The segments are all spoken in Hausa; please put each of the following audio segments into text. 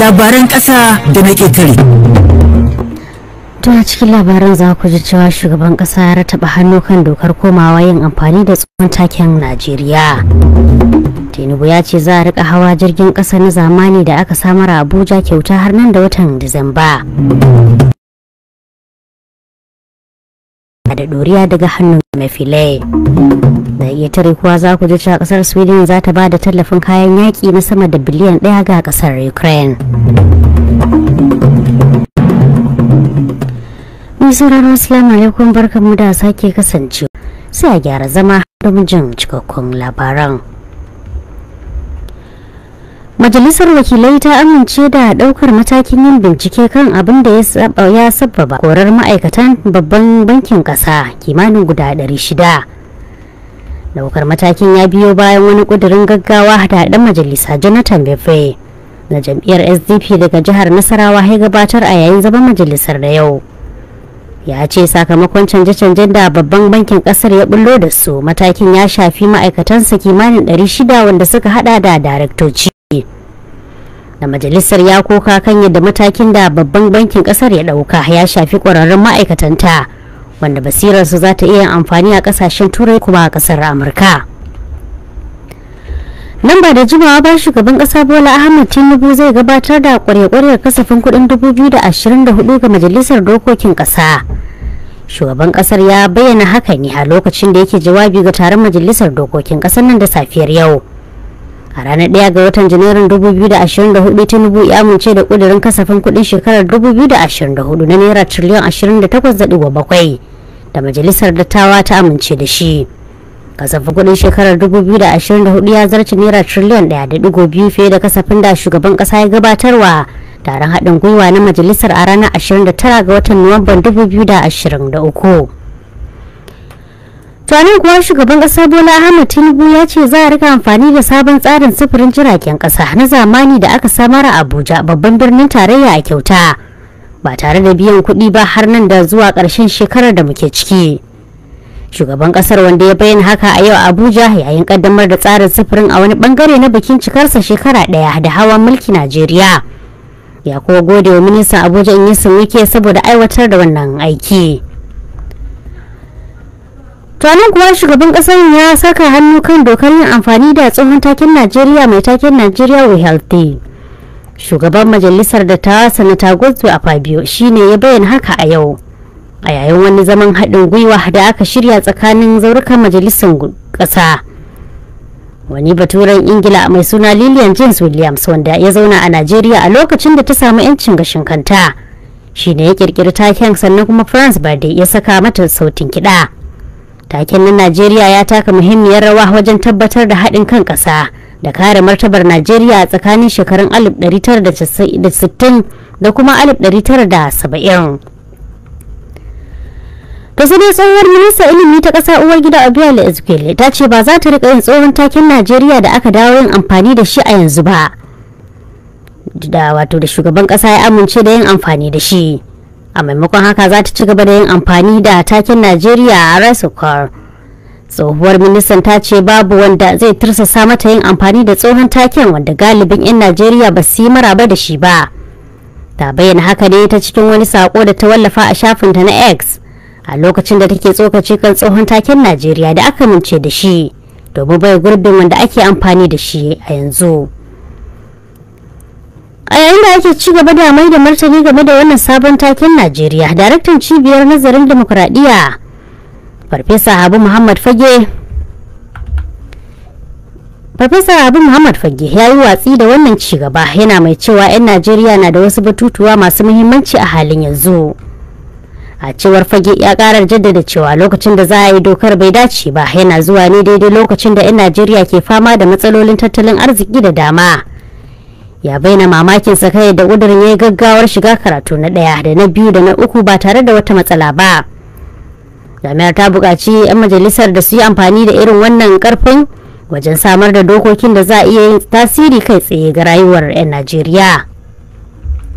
labaran ƙasa da na ƙetare. Tuna a cikin labaran za ku ji cewa shugaban ƙasa ya rataba hannu kan dokar komawa yin amfani da tsohon taken najeriya tinubu ya ce za a rika hawa jirgin ƙasa na zamani da aka samar a abuja kyauta har nan da watan disamba ba da doriya daga hannun mafile da iya tare kuwa za ku ji cewa kasar sweden za ta ba da tallafin kayan yaƙi na sama da biliyan ɗaya ga kasar ukraine mai sauraron assalamu alaikum barka da sake kasancewa sai a gyara zama domin jin cikakkun labaran Majalisar Wakilai ta amince da ɗaukar matakin yin bincike kan abin da ya sabbaba korar ma'aikatan babban bankin ƙasa kimanin guda 600. daukar matakin ya biyo bayan wani kudirin gaggawa da dan majalisa jonathan befe na jam'iyyar sdp daga jihar nasarawa ya gabatar a yayin zaman majalisar da yau ya ce sakamakon canje-canjen da babban bankin kasar ya bullo da su matakin ya shafi ma'aikatansa kimanin 600 wanda suka hada da daraktoci da majalisar ya koka kan yadda matakin da babban bankin kasar ya dauka ya shafi kwararrun ma'aikatanta wanda basirarsu za ta iya amfani a kasashen turai kuma a kasar amurka nan ba da jimawa ba shugaban kasa bola ahmad tinubu zai gabatar da kwarekwarar kasafin kudin 2024 ga majalisar dokokin kasa shugaban kasar ya bayyana haka ne a lokacin da yake jawabi ga taron majalisar dokokin kasar nan da safiyar yau a ranar ɗaya ga watan janairun 2024 tinubu ya amince da kudirin kasafin kuɗin shekarar 2024 na naira triliyan 28.7 da majalisar dattawa ta amince da shi kasafin kuɗin shekarar 2024 ya zarce naira triliyan 1.2 fiye da kasafin da shugaban ƙasa ya gabatarwa taron haɗin gwiwa na majalisar a ranar 29 ga watan nuwamban 2023 tunanin kuwa shugaban kasa Bola Ahmed Tinubu ya ce za a rika amfani da sabon tsarin sufurin jiragen kasa na zamani da aka samar a Abuja babban birnin tarayya a kyauta ba tare da biyan kuɗi ba har nan da zuwa ƙarshen shekarar da muke ciki. Shugaban kasar wanda ya bayyana haka a yau Abuja yayin ƙaddamar da tsarin sufurin a wani bangare na bikin cikarsa shekara ɗaya da hawan mulki Najeriya. Ya kuma gode wa ministan Abuja Inyisin Wike saboda aiwatar da wannan aiki. tunanin kuwa shugaban kasar ya saka hannu kan dokar yin amfani da tsohon takin najeriya mai takin najeriya we healthy shugaban majalisar da ta sanata gozo a fabio shine ya bayyana haka a yau a yayin wani zaman haɗin gwiwa da aka shirya tsakanin zaurukan majalisar ƙasa wani baturen ingila mai suna lillian james williams wanda ya zauna a najeriya a lokacin da ta samu 'yancin gashin kanta shine ya kirkiri taken sannan kuma france da ya saka mata sautin kiɗa. taken na najeriya ya taka muhimmiyar rawa wajen tabbatar da haɗin kan ƙasa da kare martabar najeriya a tsakanin shekarun 1960 da kuma 1970 da su dai tsohuwar minista ilimi ta ƙasa uwar gida abiola ta ce ba za ta rika yin tsohon taken najeriya da aka dawo yin amfani da shi a yanzu ba da wato da shugaban ƙasa ya amince da yin amfani da shi a maimakon haka za ta ci gaba da yin amfani da taken najeriya a rasukar tsohuwar ministan ta ce babu wanda zai tursasa mata yin amfani da tsohon taken wanda galibin 'yan najeriya ba su yi maraba da shi ba ta bayyana haka ne ta cikin wani sako da ta wallafa a shafin ta na x a lokacin da take tsokace kan tsohon taken najeriya da aka mince da shi domin bai gurbin wanda ake amfani da shi a yanzu. a yayin da ake ci gaba da mai da martani game da wannan sabon takin najeriya daraktan cibiyar nazarin demokuraɗiyya farfesa abu muhammad fage Farfesa Abu Muhammad Fage ya yi watsi da wannan ci gaba yana mai cewa 'yan Najeriya na da wasu batutuwa masu muhimmanci a halin yanzu. A cewar Fage ya karar jaddada cewa lokacin da za a yi dokar bai dace ba yana zuwa ne daidai lokacin da 'yan Najeriya ke fama da matsalolin tattalin arziki da dama ya bayyana mamakin sa kai da ƙudurin ya yi gaggawar shiga karatu na ɗaya da na biyu da na uku ba tare da wata matsala ba jami'ar ta buƙaci 'yan majalisar da su yi amfani da irin wannan ƙarfin wajen samar da dokokin da za a iya yin tasiri kai tsaye ga rayuwar 'yan najeriya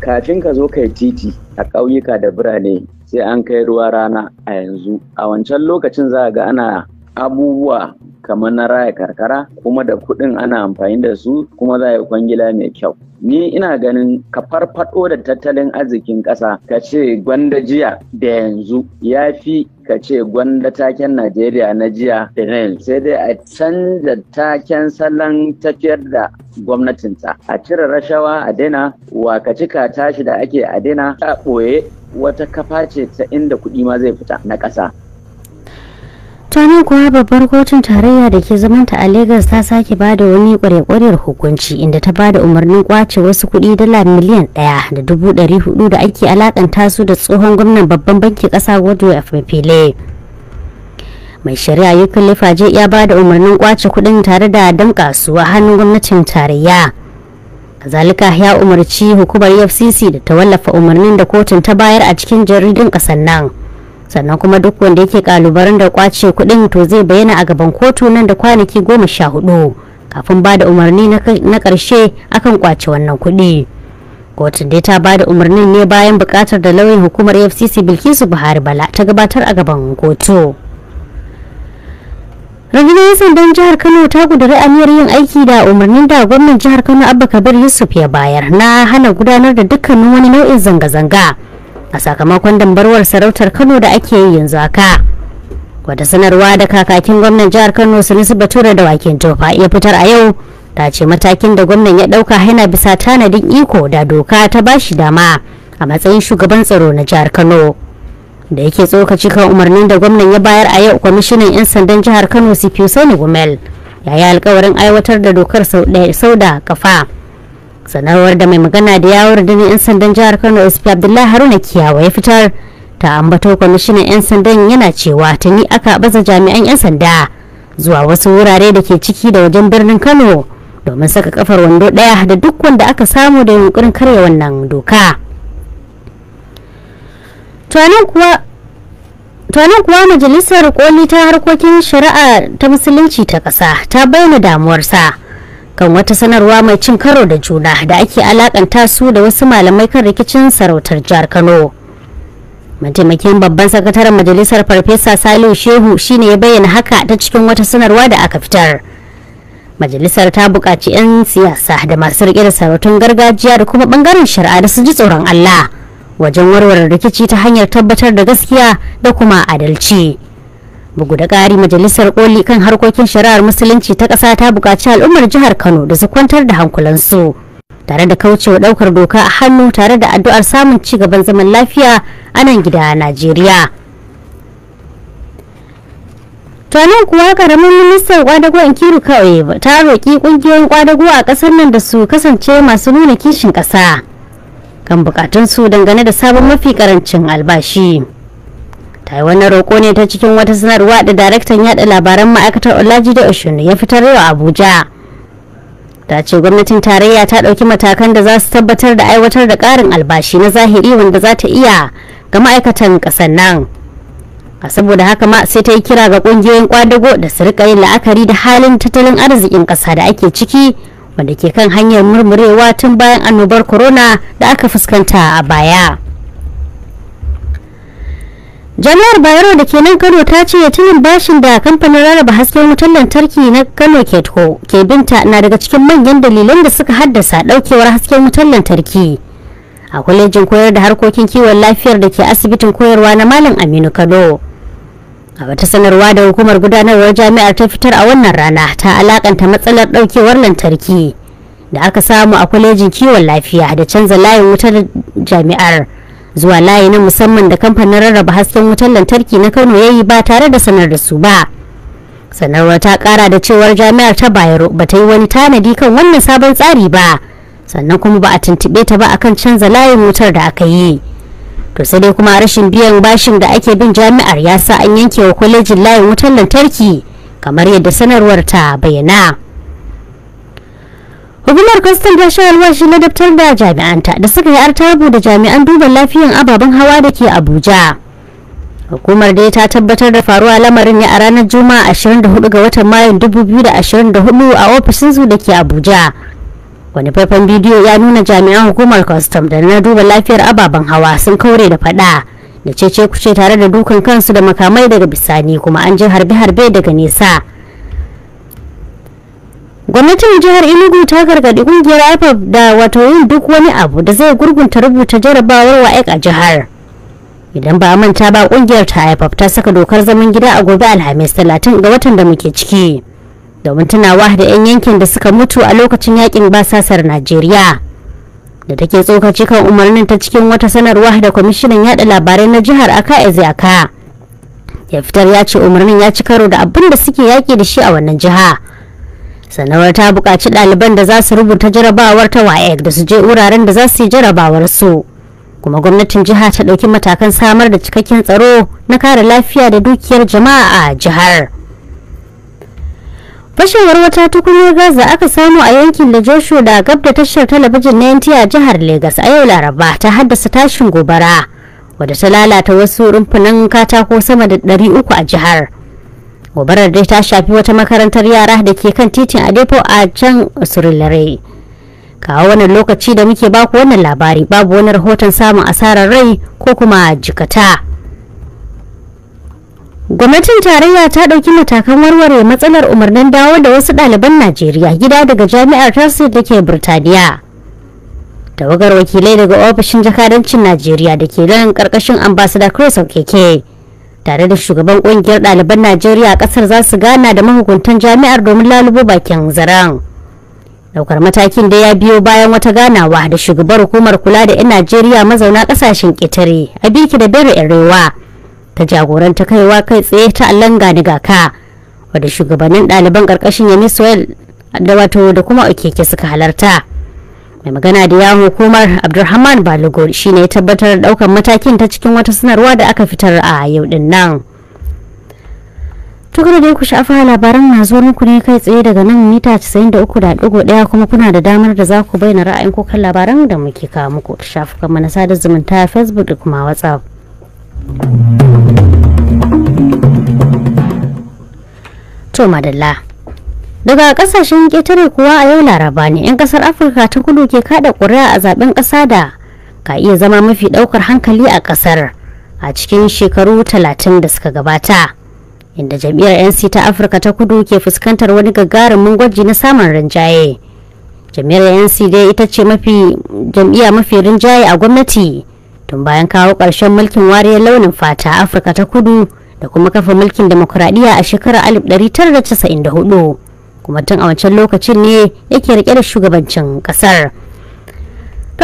kafin ka zo kai titi a ƙauyuka da birane sai an kai ruwa rana a yanzu a wancan lokacin za ga ana abubuwa kamar na raya karkara kuma da kuɗin ana amfani da su kuma za a yi kwangila mai kyau. Ni ina ganin ka farfaɗo da tattalin arzikin ƙasa ka ce gwanda jiya da yanzu ya fi ka ce gwanda taken Najeriya na jiya da na yanzu sai dai a canza taken salon tafiyar da gwamnatinta a cire rashawa a dina wa ka cika tashi da ake a dina ta ɓoye wata kafa ce ta inda kuɗi ma zai fita na ƙasa. nan kuwa babbar kotun tarayya da ke zamanta a Legas ta sake ba da wani kwarekwarar hukunci inda ta ba da umarnin kwace wasu kuɗi dala miliyan ɗaya da dubu ɗari hudu da ake alakanta su da tsohon gwamnan babban bankin ƙasa Godwin Emefiele. Mai shari'a Yukule Faje ya ba da umarnin kwace kuɗin tare da dan su a hannun gwamnatin tarayya. Zalika ya umarci hukumar FCC da ta wallafa umarnin da kotun ta bayar a cikin jaridun ƙasar nan. sannan kuma duk wanda yake kalubaren da kwace kudin to zai bayyana a gaban kotu nan da kwanaki goma sha hudu kafin ba da umarni na karshe akan kwace wannan kudi kotun dai ta ba da umarnin ne bayan bukatar da lauyin hukumar fcc bilkisu buhari bala ta gabatar a gaban kotu. rundunar sandan jihar kano ta gudari aniyar yin aiki da umarnin da gwamnan jihar kano abba kabir yusuf ya bayar na hana gudanar da dukkanin wani nau'in zanga-zanga a sakamakon dambarwar sarautar kano da ake yi yanzu haka wata sanarwa da kakakin gwamnan jihar kano ba bature da wakin tofa ya fitar a yau ta ce matakin da gwamnan ya dauka haina bisa tanadin iko da doka ta bashi dama a matsayin shugaban tsaro na jihar kano da yake tsokaci kan umarnin da gwamnan ya bayar a yau kwamishinan 'yan sandan jihar kano cpu sani gumel yayi alkawarin aiwatar da dokar sau da kafa sanarwar da mai magana da yawar da 'yan sandan jihar kano sp abdullahi haruna kiyawa ya fitar ta ambato kwamishinan 'yan sandan yana cewa tuni aka baza jami'an 'yan sanda zuwa wasu wurare da ke ciki da wajen birnin kano domin saka kafar wando daya da duk wanda aka samu da yunkurin karya wannan doka tunanin kuwa majalisar koli ta harkokin shari'a ta musulunci ta kasa ta bayyana damuwarsa. kan wata sanarwa mai cin karo da juna da ake alakanta su da wasu malamai kan rikicin sarautar jihar kano mataimakin babban sakataren majalisar farfesa salihu shehu shine ya bayyana haka ta cikin wata sanarwa da aka fitar majalisar ta buƙaci 'yan siyasa da masu riƙe da sarautun gargajiya da kuma ɓangaren shari'a da su ji tsoron allah wajen warware rikici ta hanyar tabbatar da gaskiya da kuma adalci bugu da ƙari majalisar koli kan harkokin shari'ar musulunci ta ƙasa ta buƙaci al'ummar jihar kano da su kwantar da hankulansu tare da kaucewa ɗaukar doka a hannu tare da addu'ar samun ci gaban zaman lafiya a nan gida a najeriya tonin kuwa karamin ministan kwadago kiru kawai ta roƙi ƙungiyoyin kwadago a ƙasar nan da su kasance masu nuna kishin ƙasa kan bukatunsu dangane da sabon mafi karancin albashi. ta wannan roƙo ne ta cikin wata sanarwa da daraktan yaɗa labaran ma'aikatar da oshun ya fitar yau abuja ta ce gwamnatin tarayya ta ɗauki matakan da za su tabbatar da aiwatar da ƙarin albashi na zahiri wanda za ta iya ga ma'aikatan ƙasar nan a saboda haka ma sai ta yi kira ga ƙungiyoyin ƙwadago da su riƙa yin la'akari da halin tattalin arzikin ƙasa da ake ciki wanda ke kan hanyar murmurewa tun bayan annobar corona da aka fuskanta a baya. jami'ar bayero da ke nan kano ta ce tunin bashin da kamfanin rarraba hasken wutar lantarki na kano ke binta na daga cikin manyan dalilan da suka haddasa daukewar hasken wutar lantarki a kwalejin koyar da harkokin kiwon lafiyar da ke asibitin koyarwa na malam aminu kano a wata sanarwa da hukumar gudanarwar jami'ar ta fitar a wannan rana ta alakanta matsalar daukewar lantarki da aka samu a kwalejin kiwon lafiya da canza layin wutar jami'ar zuwa layi na musamman da kamfanin rarraba hasken wutar lantarki na kano ya yi ba tare da sanar da su ba sanarwar ta kara da cewar jami'ar ta bayero ba ta yi wani tanadi kan wannan sabon tsari ba sannan kuma ba a tuntuɓe ta ba akan canza layin wutar da aka yi to sai dai kuma rashin biyan bashin da ake bin jami'ar ya sa an yanke wa kwalejin layin wutar lantarki kamar yadda sanarwar ta bayyana. hukumar kwastam ta sha alwashi na daftar da jami'anta da suka yi artabu da jami'an duba lafiyan ababen hawa da ke abuja hukumar dai ta tabbatar da faruwa lamarin ne a ranar juma'a 24 ga watan mayun 2024 a ofishin su da ke abuja wani faifan bidiyo ya nuna jami'an hukumar kwastam da na duba lafiyar ababen hawa sun kaure da fada da cece kuce tare da dukan kansu da makamai daga bisani kuma an ji harbe-harbe daga nesa gwamnatin jihar enugu ta gargadi kungiyar ipop da wato yin duk wani abu da zai gurgunta rubuta jarabawar wa a jihar idan ba a manta ba kungiyar ta ipop ta saka dokar zaman gida a gobe alhamis talatin ga watan da muke ciki domin tunawa da 'yan yankin da suka mutu a lokacin yakin basasar najeriya da take tsokaci kan umarnin ta cikin wata sanarwa da kwamishinan yada labarai na jihar aka aka ya fitar ya ce umarnin ya ci karo da abin da suke yaki da shi a wannan jiha sanawar ta bukaci ɗaliban da za su rubuta jarabawar ta waec da su je wuraren da za su yi jarabawar su kuma gwamnatin jiha ta ɗauki matakan samar da cikakken tsaro na kare lafiya da dukiyar jama'a a jihar fashewar wata tukunyar gaza aka samu a yankin da joshua da gab da tashar talabijin na yanti a jihar Legas a yau laraba ta haddasa tashin gobara wadda ta lalata wasu rumfunan katako sama da 300 a jihar gobarar dai ta shafi wata makarantar yara da ke kan titin a depo a can surulare kawo wannan lokaci da muke baku wannan labari babu wani rahoton samun asarar rai ko kuma jikata gwamnatin tarayya ta ɗauki matakan warware matsalar umarnin dawo da wasu ɗaliban najeriya gida daga jami'ar tarsi da ke birtaniya tawagar wakilai daga ofishin jakadancin najeriya da ke nan ƙarƙashin ambassador chris okeke tare da shugaban kungiyar ɗaliban najeriya a ƙasar za su gana da mahukuntan jami'ar domin lalubo bakin zaren daukar matakin da ya biyo bayan wata ganawa da shugabar hukumar kula da 'yan najeriya mazauna ƙasashen ƙetare a biki da bere irewa ta jagoranta kaiwa kai tsaye ta allanga ka wadda shugabannin ɗaliban ƙarƙashin yamis da wato da kuma okeke suka halarta mai magana da yawon hukumar abdulrahman balugor shi ne tabbatar daukan matakin ta cikin wata sanarwa da aka fitar a yau din nan tukar da ku shafa labaran na zo muku ne kai tsaye daga nan mita 93.1 kuma kuna da damar da za ku bayyana ra'ayin ku labaran da muke kawo muku shafukan mana sada zumunta facebook da kuma whatsapp to madalla daga kasashen ƙetare kuwa a yau laraba ne 'yan kasar afirka ta kudu ke kada ƙuri'a a zaben ƙasa da ka iya zama mafi ɗaukar hankali a ƙasar a cikin shekaru talatin da suka gabata inda jam'iyyar nc ta afirka ta kudu ke fuskantar wani gagarumin gwaji na samun rinjaye jam'iyyar nc dai ita ce mafi jam'iyya mafi rinjaye a gwamnati tun bayan kawo ƙarshen mulkin wariyar launin fata afirka ta kudu da kuma kafa mulkin demokuraɗiyya a shekarar 1994 kuma tun a wancan lokacin ne yake rike da shugabancin kasar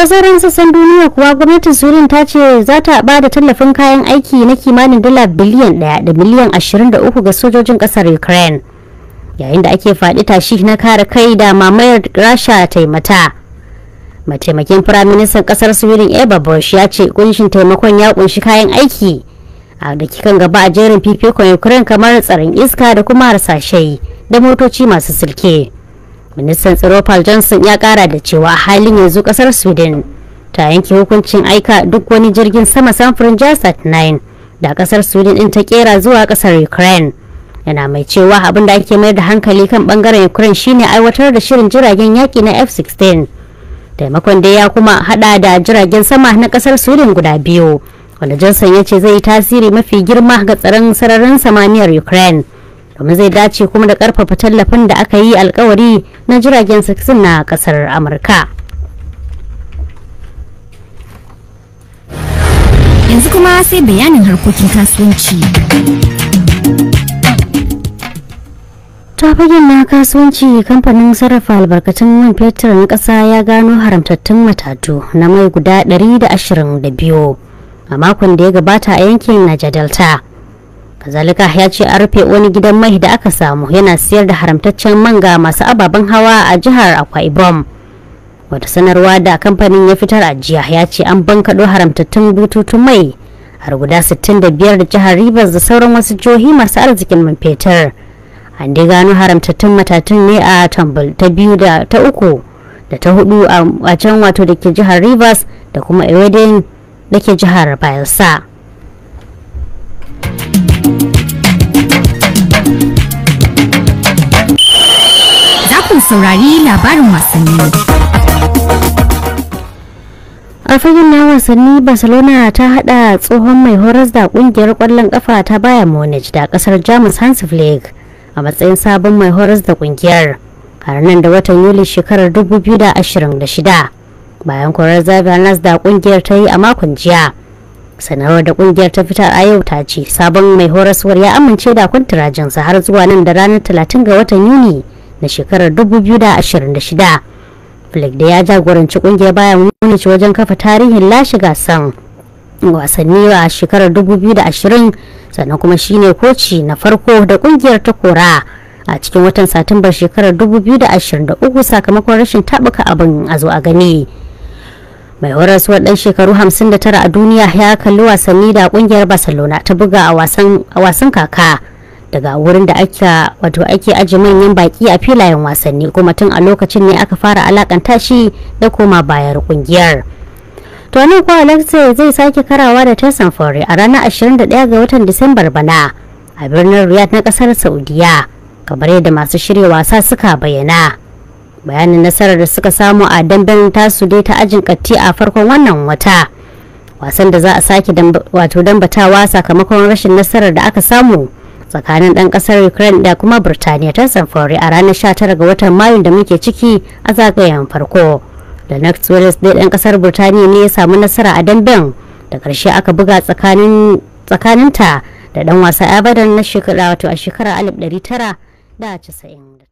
sauran sassan duniya kuwa gwamnatin surin ta ce za ta ba tallafin kayan aiki na kimanin dala biliyan 1 da miliyan ashirin da uku ga sojojin kasar ukraine yayin da ake faɗi tashi na kare kai da mamayar rasha taimata mataimakin firaministan ƙasar sweden eva bush ya ce kunshin taimakon ya kunshi kayan aiki a da kikan gaba a jerin fifikon ukraine kamar tsaron iska da kuma harsashe da motoci masu silke ministan tsaro paul johnson ya kara da cewa a halin yanzu kasar sweden ta yanke hukuncin aika duk wani jirgin sama samfurin jasat 9 da kasar sweden din ta kera zuwa kasar ukraine yana mai cewa abin da ake mayar da hankali kan bangaren ukraine shine aiwatar da shirin jiragen yaki na f-16 taimakon da ya kuma hada da jiragen sama na kasar sweden guda biyu wanda johnson ya ce zai yi tasiri mafi girma ga tsaron sararin samaniyar ukraine domin zai dace kuma da karfafa tallafin da aka yi alkawari na jiragen sakisin na kasar amurka yanzu kuma sai bayanin harkokin kasuwanci ta fagen na kasuwanci kamfanin sarrafa albarkatun man fetur na ƙasa ya gano haramtattun matatu na mai guda 122 a makon da ya gabata a yankin Niger Delta. Kazalika ya ce an rufe wani gidan mai da aka samu yana siyar da haramtaccen manga masu ababen hawa a jihar Akwa Ibom. Wata sanarwa da kamfanin ya fitar a jiya ya ce an bankaɗo haramtattun bututun mai har guda 65 da jihar Rivers da sauran wasu jihohi masu arzikin man fetur. An dai gano haramtattun matatun ne a Tambul ta biyu da ta uku da ta hudu a can wato da ke jihar Rivers da kuma Ewedin da ke jihar Bayelsa. Zafin saurari labarin wasanni. a fagen na wasanni barcelona ta hada tsohon mai horas da kungiyar kwallon kafa ta baya munich da kasar jamus hans flick a matsayin sabon mai horas da kungiyar a nan da watan yuli shekarar 2026 bayan korar zabi nas da kungiyar ta yi a makon jiya sanarwar da kungiyar ta fitar a yau ta ce sabon mai horaswar ya amince da sa har zuwa nan da ranar talatin ga watan yuni na shekarar 2026 flake da ya jagoranci kungiyar bayan munich wajen kafa tarihin lashe gasan wasanni a shekarar 2020 sannan kuma shine koci na farko da kungiyar ta kora a cikin watan satumbar shekarar 2023 sakamakon rashin tabuka abin a zo a gani mai horaswar dan shekaru 59 a duniya ya kalli wasanni da kungiyar barcelona ta buga a wasan kaka daga wurin da ake wato ake aji manyan baki a filayen wasanni kuma tun a lokacin ne aka fara alakanta shi da koma bayar kungiyar to nan ko zai sake karawa da Tyson Fury a ranar 21 ga watan Disambar bana a birnin Riyadh na kasar Saudiya kamar yadda masu shirya wasa suka bayyana bayanin nasarar da suka samu a damben tasu dai ta ajin katti a farkon wannan wata wasan da za a sake wato dambatawa sakamakon rashin nasarar da aka samu tsakanin dan kasar ukraine da kuma birtaniya ta samfari a ranar 19 ga watan mayu da muke ciki a zagayen farko da next wales dai dan kasar birtaniya ne ya samu nasara a damben da karshe aka buga tsakaninta da dan wasa abadan na shekara wato a shekarar 1990